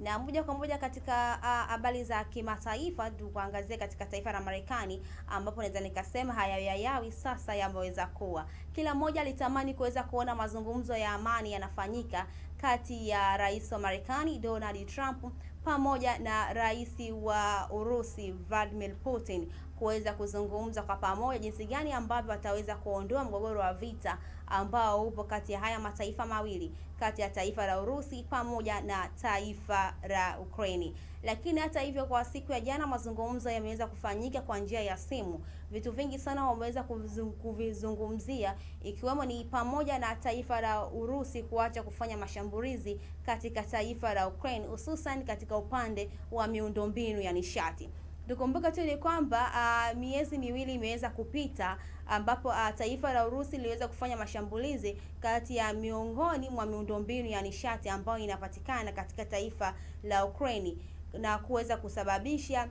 Na moja kwa moja katika habari za kimataifa, tukuangazie katika taifa la Marekani, ambapo naweza nikasema hayayawi sasa yameweza kuwa. Kila mmoja alitamani kuweza kuona mazungumzo ya amani yanafanyika kati ya rais wa Marekani Donald Trump pamoja na rais wa Urusi Vladimir Putin kuweza kuzungumza kwa pamoja jinsi gani ambavyo wataweza kuondoa mgogoro wa vita ambao upo kati ya haya mataifa mawili, kati ya taifa la Urusi pamoja na taifa la Ukraini. Lakini hata hivyo, kwa siku ya jana mazungumzo yameweza kufanyika kwa njia ya simu. Vitu vingi sana wameweza kuvizungumzia, ikiwemo ni pamoja na taifa la Urusi kuacha kufanya mashambulizi katika taifa la Ukraine, hususan katika upande wa miundombinu ya nishati. Tukumbuka tu ni kwamba uh, miezi miwili imeweza kupita ambapo uh, taifa la Urusi liliweza kufanya mashambulizi kati ya miongoni mwa miundombinu ya nishati ambayo inapatikana katika taifa la Ukraini na kuweza kusababisha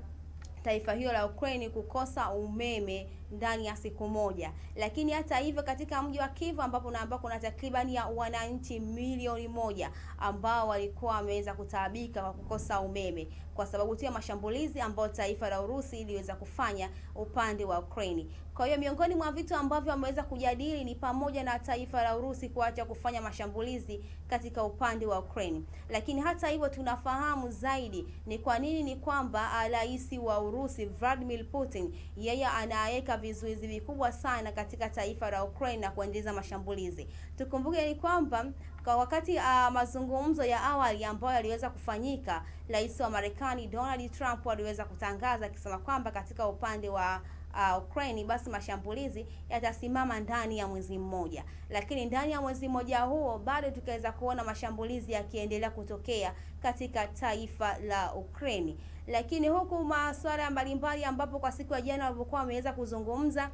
taifa hilo la Ukraini kukosa umeme ndani ya siku moja. Lakini hata hivyo, katika mji wa Kivu ambapo na kuna takribani ya wananchi milioni moja ambao walikuwa wameweza kutaabika kwa kukosa umeme kwa sababu tu ya mashambulizi ambayo taifa la Urusi iliweza kufanya upande wa Ukraine. Kwa hiyo miongoni mwa vitu ambavyo wameweza kujadili ni pamoja na taifa la Urusi kuacha kufanya mashambulizi katika upande wa Ukraine. Lakini hata hivyo, tunafahamu zaidi ni kwa nini ni kwamba ah, rais wa Urusi Vladimir Putin yeye anaweka vizuizi vikubwa sana katika taifa la Ukraine na kuendeleza mashambulizi. Tukumbuke ni kwamba kwa wakati uh, mazungumzo ya awali ambayo yaliweza kufanyika, Rais wa Marekani Donald Trump aliweza kutangaza akisema kwamba katika upande wa uh, Ukraine, basi mashambulizi yatasimama ndani ya mwezi mmoja. Lakini ndani ya mwezi mmoja huo bado tukaweza kuona mashambulizi yakiendelea kutokea katika taifa la Ukraine. Lakini huku masuala mbalimbali ambapo kwa siku ya jana walivyokuwa wameweza kuzungumza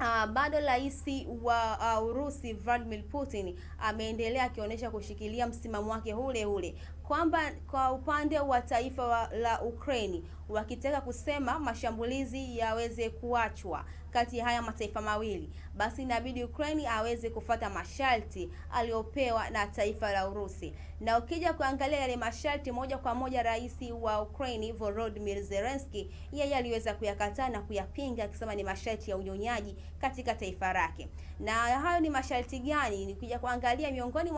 Uh, bado rais wa uh, Urusi Vladimir Putin ameendelea akionyesha kushikilia msimamo wake ule ule kwamba kwa upande wa taifa wa, la Ukraine wakitaka kusema mashambulizi yaweze kuachwa kati ya haya mataifa mawili, basi inabidi Ukraine aweze kufata masharti aliyopewa na taifa la Urusi. Na ukija kuangalia yale masharti moja kwa moja, rais wa Ukraine Volodymyr Zelensky yeye aliweza kuyakataa na kuyapinga akisema ni masharti ya unyonyaji katika taifa lake. Na hayo ni masharti gani? Nikija kuangalia miongoni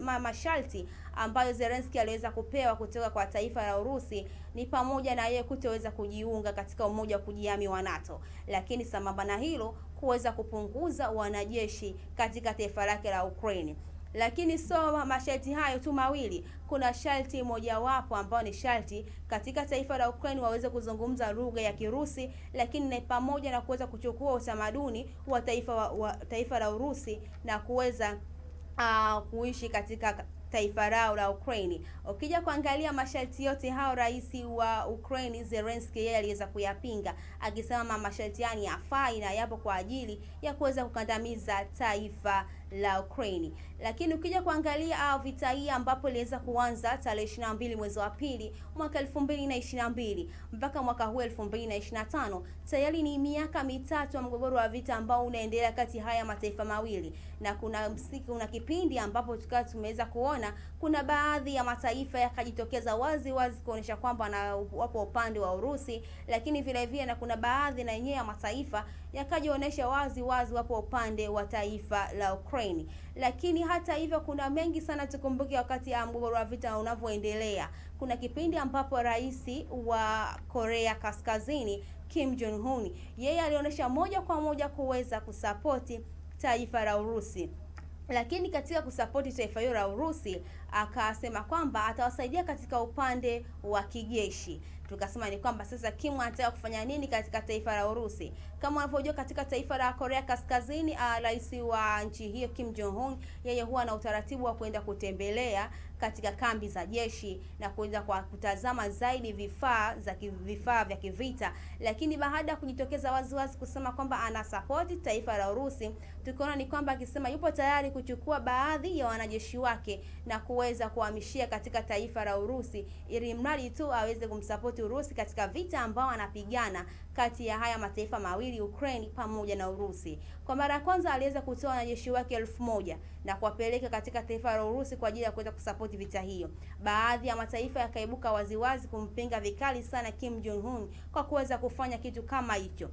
mwa masharti ambayo Zelensky aliweza kupewa kutoka kwa taifa la Urusi ni pamoja na yeye kutoweza kujiunga katika umoja wa kujihami wa NATO, lakini sambamba na hilo kuweza kupunguza wanajeshi katika taifa lake la Ukraine. Lakini soma masharti hayo tu mawili, kuna sharti mojawapo ambayo ni sharti katika taifa la Ukraine waweze kuzungumza lugha ya Kirusi, lakini ni pamoja na kuweza kuchukua utamaduni wa taifa wa, wa taifa la Urusi na kuweza uh, kuishi katika taifa lao la Ukraine. Ukija kuangalia masharti yote hao, rais wa Ukraine Zelensky yeye aliweza kuyapinga akisema masharti yani yafai na yapo kwa ajili ya kuweza kukandamiza taifa la Ukraine. Lakini ukija kuangalia ah, vita hii ambapo iliweza kuanza tarehe 22 mwezi wa pili mwaka 2022 mpaka mwaka huu 2025, tayari ni miaka mitatu ya mgogoro wa vita ambao unaendelea kati haya mataifa mawili, na kuna msiki, kuna kipindi ambapo tukawa tumeweza kuona kuna baadhi ya mataifa yakajitokeza wazi wazi kuonesha kwamba wapo upande wa Urusi, lakini vile vile na kuna baadhi na yenyewe ya mataifa yakajionyesha wazi wazi wapo upande wa taifa la Ukraine. Lakini hata hivyo, kuna mengi sana tukumbuke, wakati ya mgogoro wa vita unavyoendelea, kuna kipindi ambapo rais wa Korea Kaskazini Kim Jong Un yeye alionyesha moja kwa moja kuweza kusapoti taifa la Urusi lakini katika kusapoti taifa hilo la Urusi akasema kwamba atawasaidia katika upande wa kijeshi, Tukasema ni kwamba sasa Kim anataka kufanya nini katika taifa la Urusi. Kama unavyojua katika taifa la Korea Kaskazini, ah, rais wa nchi hiyo Kim Jong Un yeye huwa na utaratibu wa kwenda kutembelea katika kambi za jeshi na kuweza kwa kutazama zaidi vifaa za vifaa vya kivita, lakini baada ya kujitokeza waziwazi kusema kwamba anasapoti taifa la Urusi, tukiona ni kwamba akisema yupo tayari kuchukua baadhi ya wanajeshi wake na kuweza kuhamishia katika taifa la Urusi ili mradi tu aweze kumsapoti Urusi katika vita ambao anapigana kati ya haya mataifa mawili Ukraine pamoja na Urusi. Kwa mara ya kwanza aliweza kutoa wanajeshi wake elfu moja na kuwapeleka katika taifa la Urusi kwa ajili ya kuweza kusapoti vita hiyo. Baadhi ya mataifa yakaibuka waziwazi kumpinga vikali sana Kim Jong Un kwa kuweza kufanya kitu kama hicho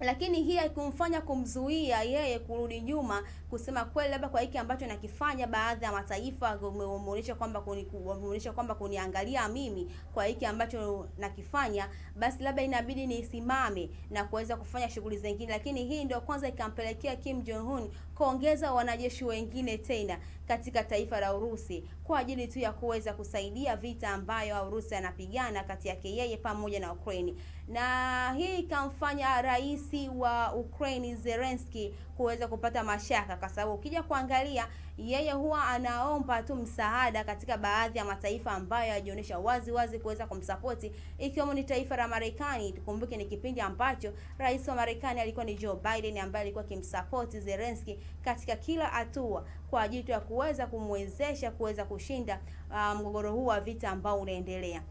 lakini hii haikumfanya kumzuia yeye kurudi nyuma kusema kweli, labda kwa hiki ambacho nakifanya, baadhi ya mataifa wameonyesha kwamba wameonyesha kwamba kuniangalia mimi kwa hiki ambacho nakifanya, basi labda inabidi nisimame na kuweza kufanya shughuli zingine. Lakini hii ndio kwanza ikampelekea Kim Jong Un kuongeza wanajeshi wengine tena katika taifa la Urusi kwa ajili tu ya kuweza kusaidia vita ambayo Urusi anapigana kati yake yeye pamoja na Ukraine na hii ikamfanya rais wa Ukraine Zelensky kuweza kupata mashaka, kwa sababu ukija kuangalia yeye huwa anaomba tu msaada katika baadhi ya mataifa ambayo yajionyesha wazi wazi kuweza kumsapoti ikiwemo ni taifa la Marekani. Tukumbuke ni kipindi ambacho rais wa Marekani alikuwa ni Joe Biden ambaye alikuwa akimsapoti Zelensky katika kila hatua kwa ajili ya kuweza kumwezesha kuweza kushinda uh, mgogoro huu wa vita ambao unaendelea.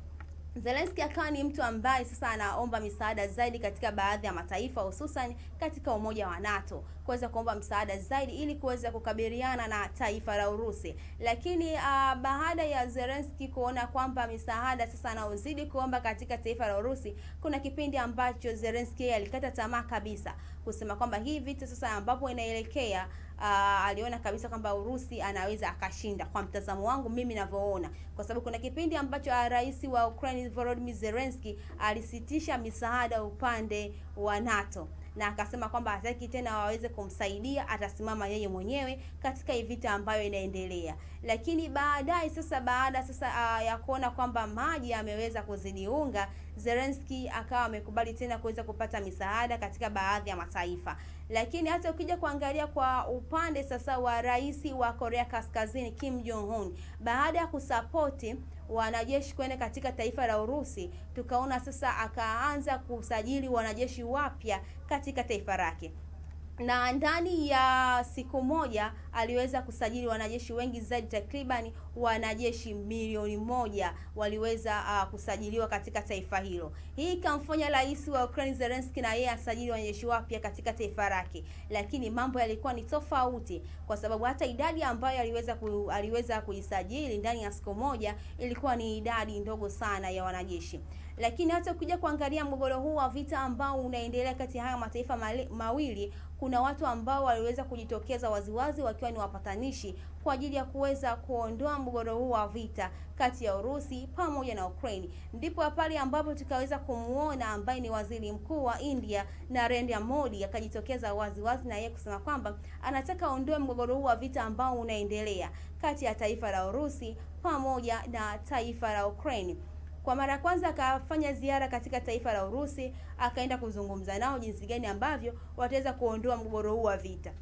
Zelensky akawa ni mtu ambaye sasa anaomba misaada zaidi katika baadhi ya mataifa hususan katika umoja wa NATO kuweza kuomba msaada zaidi ili kuweza kukabiliana na taifa la Urusi. Lakini uh, baada ya Zelensky kuona kwamba misaada sasa anaozidi kuomba katika taifa la Urusi, kuna kipindi ambacho Zelensky alikata tamaa kabisa kusema kwamba hii vita sasa ambapo inaelekea uh, aliona kabisa kwamba Urusi anaweza akashinda, kwa mtazamo wangu mimi ninavyoona, kwa sababu kuna kipindi ambacho ah, rais wa Ukraine Volodymyr Zelensky alisitisha misaada upande wa NATO na akasema kwamba hataki tena waweze kumsaidia, atasimama yeye mwenyewe katika hii vita ambayo inaendelea. Lakini baadaye sasa, baada sasa uh, ya kuona kwamba maji ameweza kuzidi unga, Zelensky akawa amekubali tena kuweza kupata misaada katika baadhi ya mataifa. Lakini hata ukija kuangalia kwa upande sasa wa rais wa Korea Kaskazini Kim Jong Un, baada ya kusapoti wanajeshi kwenda katika taifa la Urusi, tukaona sasa akaanza kusajili wanajeshi wapya katika taifa lake na ndani ya siku moja aliweza kusajili wanajeshi wengi zaidi, takribani wanajeshi milioni moja waliweza uh, kusajiliwa katika taifa hilo. Hii ikamfanya rais wa Ukraine Zelensky na yeye asajili wanajeshi wapya katika taifa lake, lakini mambo yalikuwa ni tofauti, kwa sababu hata idadi ambayo aliweza ku, aliweza kujisajili ndani ya siku moja ilikuwa ni idadi ndogo sana ya wanajeshi. Lakini hata ukija kuangalia mgogoro huu wa vita ambao unaendelea kati ya haya mataifa mawili, kuna watu ambao waliweza kujitokeza waziwazi wakiwa ni wapatanishi kwa ajili ya kuweza kuondoa mgogoro huu wa vita kati ya Urusi pamoja na Ukraine. Ndipo pale ambapo tukaweza kumuona ambaye ni waziri mkuu wa India Narendra Modi akajitokeza waziwazi na yeye kusema kwamba anataka aondoe mgogoro huu wa vita ambao unaendelea kati ya taifa la Urusi pamoja na taifa la Ukraine. Kwa mara ya kwanza akafanya ziara katika taifa la Urusi, akaenda kuzungumza nao jinsi gani ambavyo wataweza kuondoa mgogoro huu wa vita.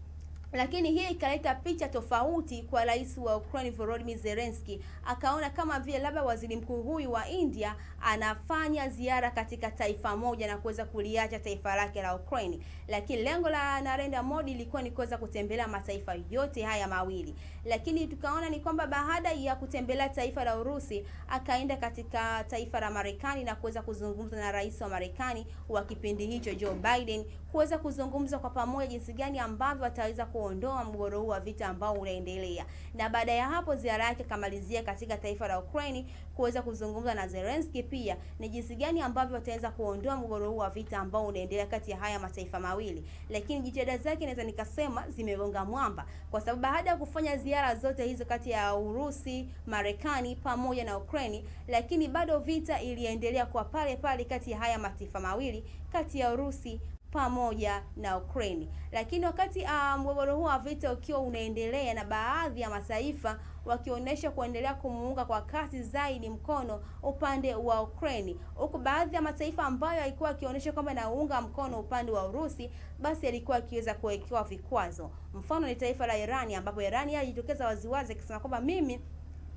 Lakini hii ikaleta picha tofauti kwa rais wa Ukraine Volodymyr Zelensky, akaona kama vile labda waziri mkuu huyu wa India anafanya ziara katika taifa moja na kuweza kuliacha taifa lake la Ukraine. Lakini lengo la Narendra Modi ilikuwa ni kuweza kutembelea mataifa yote haya mawili, lakini tukaona ni kwamba baada ya kutembelea taifa la Urusi akaenda katika taifa la Marekani na kuweza kuzungumza na rais wa Marekani wa kipindi hicho Joe Biden, kuweza kuzungumza kwa pamoja jinsi gani ambavyo wataweza ku kuondoa mgogoro huu wa vita ambao unaendelea. Na baada ya hapo ziara yake kamalizia katika taifa la Ukraine kuweza kuzungumza na Zelensky pia ni jinsi gani ambavyo wataweza kuondoa mgogoro huu wa vita ambao unaendelea kati ya haya mataifa mawili, lakini jitihada zake naweza nikasema zimegonga mwamba, kwa sababu baada ya kufanya ziara zote hizo kati ya Urusi, Marekani pamoja na Ukraine, lakini bado vita iliendelea kwa pale pale kati ya haya mataifa mawili, kati ya Urusi pamoja na Ukraine. Lakini wakati uh, mgogoro huu wa vita ukiwa unaendelea na baadhi ya mataifa wakionyesha kuendelea kumuunga kwa kasi zaidi mkono upande wa Ukraine, huku baadhi ya mataifa ambayo yalikuwa yakionyesha kwamba yanaunga mkono upande wa Urusi, basi yalikuwa yakiweza kuwekewa vikwazo. Mfano ni taifa la Irani, ambapo Irani alijitokeza waziwazi akisema kwamba mimi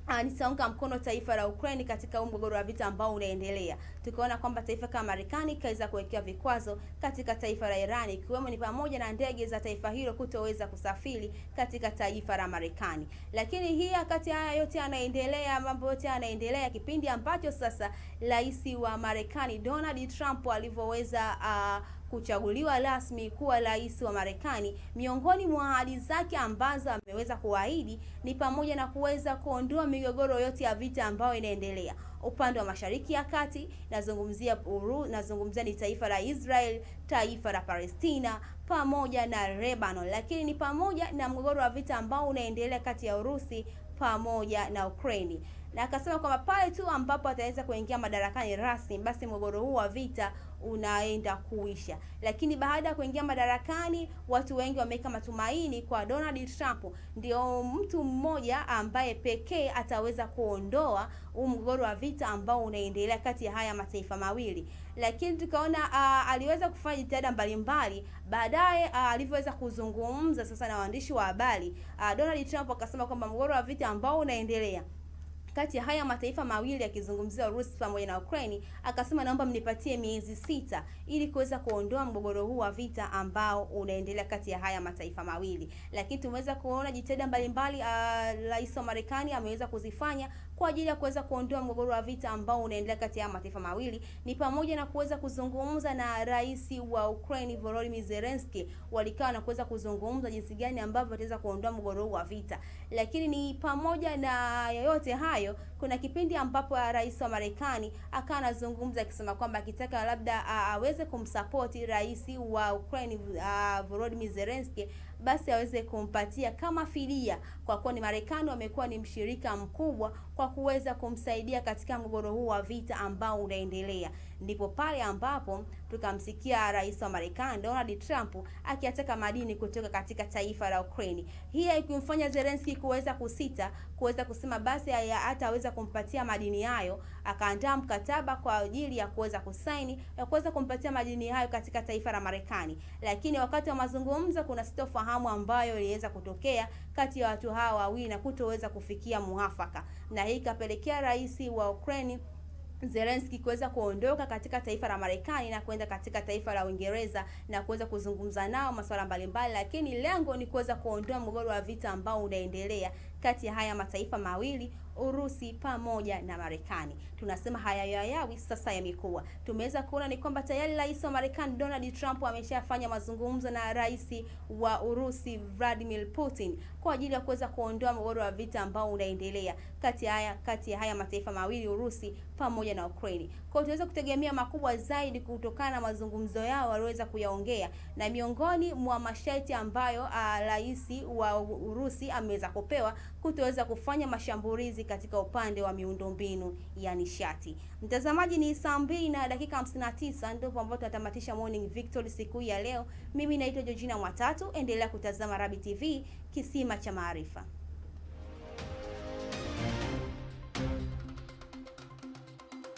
Ah, nitaunga mkono taifa la Ukraine katika mgogoro wa vita ambao unaendelea. Tukaona kwamba taifa kama Marekani ikaweza kuwekea vikwazo katika taifa la Irani, ikiwemo ni pamoja na ndege za taifa hilo kutoweza kusafiri katika taifa la Marekani. Lakini hii wakati haya yote yanaendelea, mambo yote yanaendelea, kipindi ambacho sasa rais wa Marekani Donald Trump alivyoweza uh, kuchaguliwa rasmi kuwa rais wa Marekani. Miongoni mwa ahadi zake ambazo ameweza kuahidi ni pamoja na kuweza kuondoa migogoro yote ya vita ambayo inaendelea upande wa Mashariki ya Kati. Nazungumzia uru, nazungumzia ni taifa la Israel, taifa la Palestina pamoja na Lebanon, lakini ni pamoja na mgogoro wa vita ambao unaendelea kati ya Urusi pamoja na Ukraini, na akasema kwamba pale tu ambapo ataweza kuingia madarakani rasmi, basi mgogoro huu wa vita unaenda kuisha. Lakini baada ya kuingia madarakani, watu wengi wameweka matumaini kwa Donald Trump, ndio mtu mmoja ambaye pekee ataweza kuondoa huu mgogoro wa vita ambao unaendelea kati ya haya mataifa mawili. Lakini tukaona uh, aliweza kufanya jitihada mbalimbali baadaye, uh, alivyoweza kuzungumza sasa na waandishi wa habari uh, Donald Trump akasema kwamba mgogoro wa vita ambao unaendelea kati ya haya mataifa mawili akizungumzia Urusi pamoja na Ukraine, akasema naomba mnipatie miezi sita ili kuweza kuondoa mgogoro huu wa vita ambao unaendelea kati ya haya mataifa mawili. Lakini tumeweza kuona jitihada mbalimbali ah, rais wa Marekani ameweza kuzifanya kwa ajili ya kuweza kuondoa mgogoro wa vita ambao unaendelea kati ya mataifa mawili ni pamoja na kuweza kuzungumza na rais wa Ukraine Volodymyr Zelensky, walikaa na kuweza kuzungumza jinsi gani ambavyo wataweza kuondoa mgogoro huu wa vita. Lakini ni pamoja na yoyote hayo, kuna kipindi ambapo rais wa Marekani akawa anazungumza akisema kwamba akitaka labda aweze kumsapoti rais wa Ukraine Volodymyr Zelensky basi aweze kumpatia kama fidia, kwa kuwa ni Marekani wamekuwa ni mshirika mkubwa kwa kuweza kumsaidia katika mgogoro huu wa vita ambao unaendelea. Ndipo pale ambapo tukamsikia rais wa Marekani Donald Trump akiataka madini kutoka katika taifa la Ukraine, hii haikumfanya Zelensky kuweza kusita kuweza kusema basi hataweza kumpatia madini hayo. Akaandaa mkataba kwa ajili ya kuweza kusaini ya kuweza kumpatia madini hayo katika taifa la Marekani, lakini wakati wa mazungumzo kuna sitofa sintofahamu ambayo iliweza kutokea kati ya watu hawa wawili na kutoweza kufikia muafaka, na hii ikapelekea rais wa Ukraine Zelensky kuweza kuondoka katika taifa la Marekani na kwenda katika taifa la Uingereza na kuweza kuzungumza nao masuala mbalimbali, lakini lengo ni kuweza kuondoa mgogoro wa vita ambao unaendelea kati ya haya mataifa mawili Urusi pamoja na Marekani. Tunasema haya yayawi sasa yamekuwa. Tumeweza kuona ni kwamba tayari rais wa Marekani Donald Trump ameshafanya mazungumzo na rais wa Urusi Vladimir Putin kwa ajili ya kuweza kuondoa mgogoro wa vita ambao unaendelea kati ya haya kati ya haya mataifa mawili Urusi pamoja na Ukraine. Kwa hiyo tunaweza kutegemea makubwa zaidi kutokana na mazungumzo yao waliweza kuyaongea, na miongoni mwa masharti ambayo ah, rais wa Urusi ameweza kupewa kutoweza kufanya mashambulizi katika upande wa miundombinu ya nishati. Mtazamaji, ni saa mbili na dakika 59 ndipo ambapo tunatamatisha Morning Victory siku hii ya leo. Mimi naitwa Georgina Mwatatu, endelea kutazama Rabi TV, kisima cha maarifa.